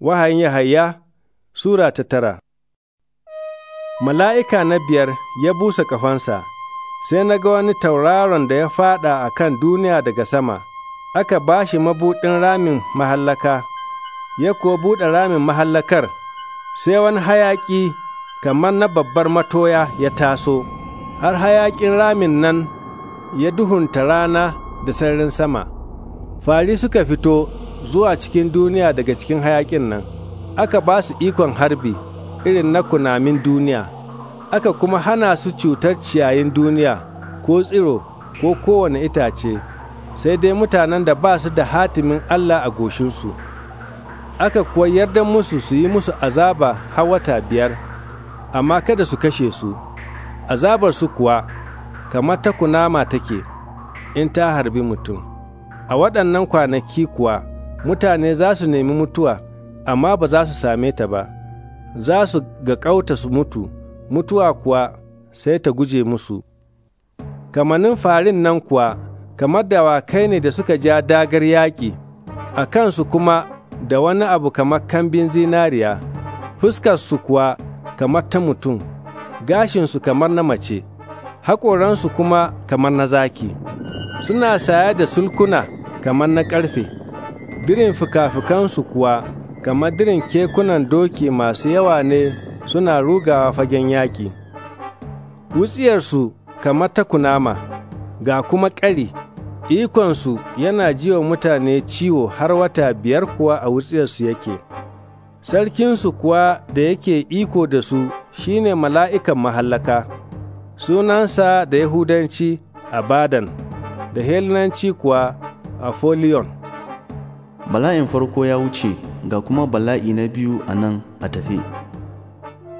Wahayin Yahaya Sura ta tara Mala'ika na biyar ya busa ƙafansa, sai na ga wani tauraron da ya faɗa a kan duniya daga sama, aka ba shi mabuɗin ramin mahallaka, ya kuwa buɗe ramin mahallakar, sai wani hayaƙi kamar na babbar matoya ya taso, har hayaƙin ramin nan ya duhunta rana da sararin sama. Fari suka fito zuwa cikin duniya daga cikin hayaƙin nan, aka ba su ikon harbi irin na kunamin duniya, aka kuma hana su cutar ciyayin duniya ko tsiro ko kowane itace, sai dai mutanen da ba su da hatimin Allah a goshinsu. Aka kuwa yarda musu su yi musu azaba har wata biyar, amma kada su kashe su, azabar su kuwa kamar ta kunama take in ta harbi mutum. A waɗannan kwanaki kuwa mutane za su nemi mutuwa amma ba za su same ta ba za su ga ƙauta su mutu mutuwa kuwa sai ta guje musu kamanin farin nan kuwa kamar da dawakai ne da suka ja dagar yaƙi a kansu kuma da wani abu kamar kambin zinariya fuskarsu kuwa kamar ta mutum gashinsu kamar na mace haƙoransu kuma kamar na zaki suna saya da sulkuna kamar na ƙarfe Dirin fikafikansu kuwa, kamar dirin kekunan doki masu yawa ne suna rugawa fagen yaƙi. Wutsiyarsu kamar ta kunama, ga kuma ƙari, ikonsu yana jiwa mutane ciwo har wata biyar kuwa a wutsiyarsu yake. Sarkinsu kuwa da yake iko da su shine mala'ikan mahallaka, sunansa da Yahudanci a Badan, da Helenanci kuwa a Folion. bala'in farko ya wuce ga kuma bala'i na biyu a nan a tafe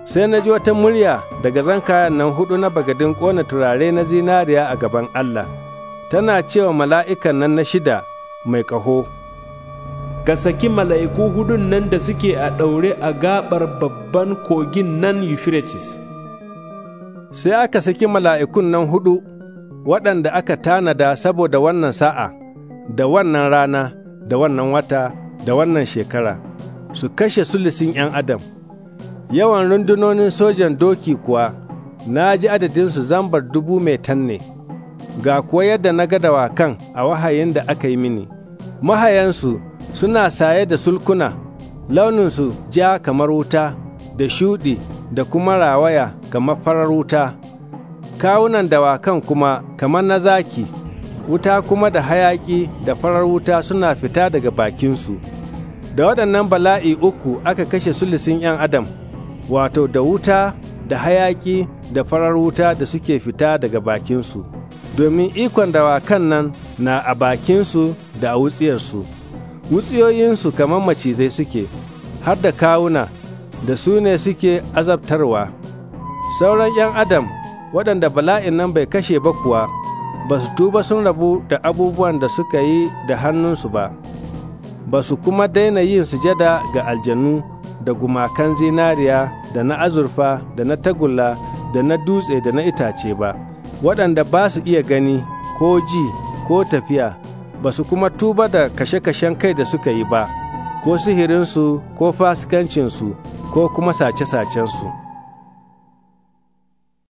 sai na ji wata murya daga zan kayan nan hudu na bagadin kona turare na zinariya a gaban allah tana cewa mala'ikan nan na shida mai ƙaho ka saki mala'iku hudun nan da suke a ɗaure a gaɓar babban kogin nan euphrates sai aka saki mala'ikun nan hudu waɗanda aka tanada saboda wannan sa'a da wannan rana da wannan wata da wannan shekara su kashe sulisin 'yan adam yawan rundunonin sojan doki kuwa na ji adadinsu zambar dubu mai tanne ga kuwa yadda na ga dawakan a wahayin da aka yi mini mahayansu suna saye da sulkuna launinsu ja kamar wuta da shuɗi da kuma rawaya kamar farar wuta kawunan dawakan kuma kamar na zaki wuta kuma da hayaƙi da farar wuta suna fita daga bakinsu. Da waɗannan bala'i uku aka kashe sulisin ‘yan Adam, wato da wuta da hayaƙi da farar wuta da suke fita daga bakinsu, domin ikon dawakan nan na a bakinsu da a wutsiyarsu. Wutsiyoyinsu kamar macizai suke, har da kawuna, da su ne suke azabtarwa. Sauran ‘yan Adam waɗanda bala'in nan bai kashe ba kuwa. ba su tuba sun rabu da abubuwan da suka yi da hannunsu ba ba su kuma daina yin sujada ga aljanu da gumakan zinariya da na azurfa da na tagulla da na dutse da na itace ba waɗanda ba su iya gani ko ji ko tafiya ba su kuma tuba da kashe-kashen kai da suka yi ba ko sihirinsu ko fasikancinsu ko kuma sace-sacensu.